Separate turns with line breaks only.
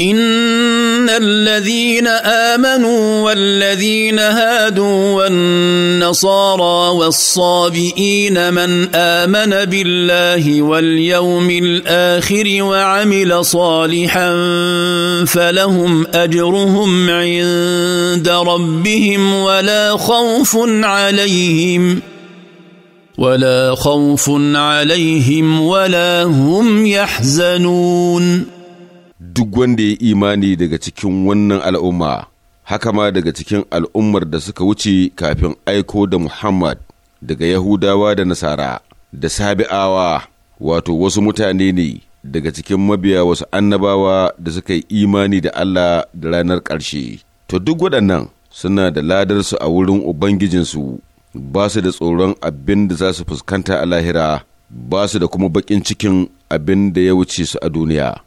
ان الذين امنوا والذين هادوا والنصارى والصابئين من امن بالله واليوم الاخر وعمل صالحا فلهم اجرهم عند ربهم ولا خوف عليهم ولا خوف عليهم ولا هم يحزنون duk wanda
ya imani daga cikin wannan al'umma, haka ma daga cikin al'ummar da suka wuce kafin aiko da Muhammad daga Yahudawa da Nasara, da Sabi'awa, wato wasu mutane ne daga cikin mabiya wasu annabawa da suka yi imani da Allah da ranar ƙarshe. To duk waɗannan suna da ladarsu a wurin Ubangijinsu, ba su da tsoron abin da za su fuskanta a lahira, ba su da kuma baƙin cikin abin da ya wuce su a duniya.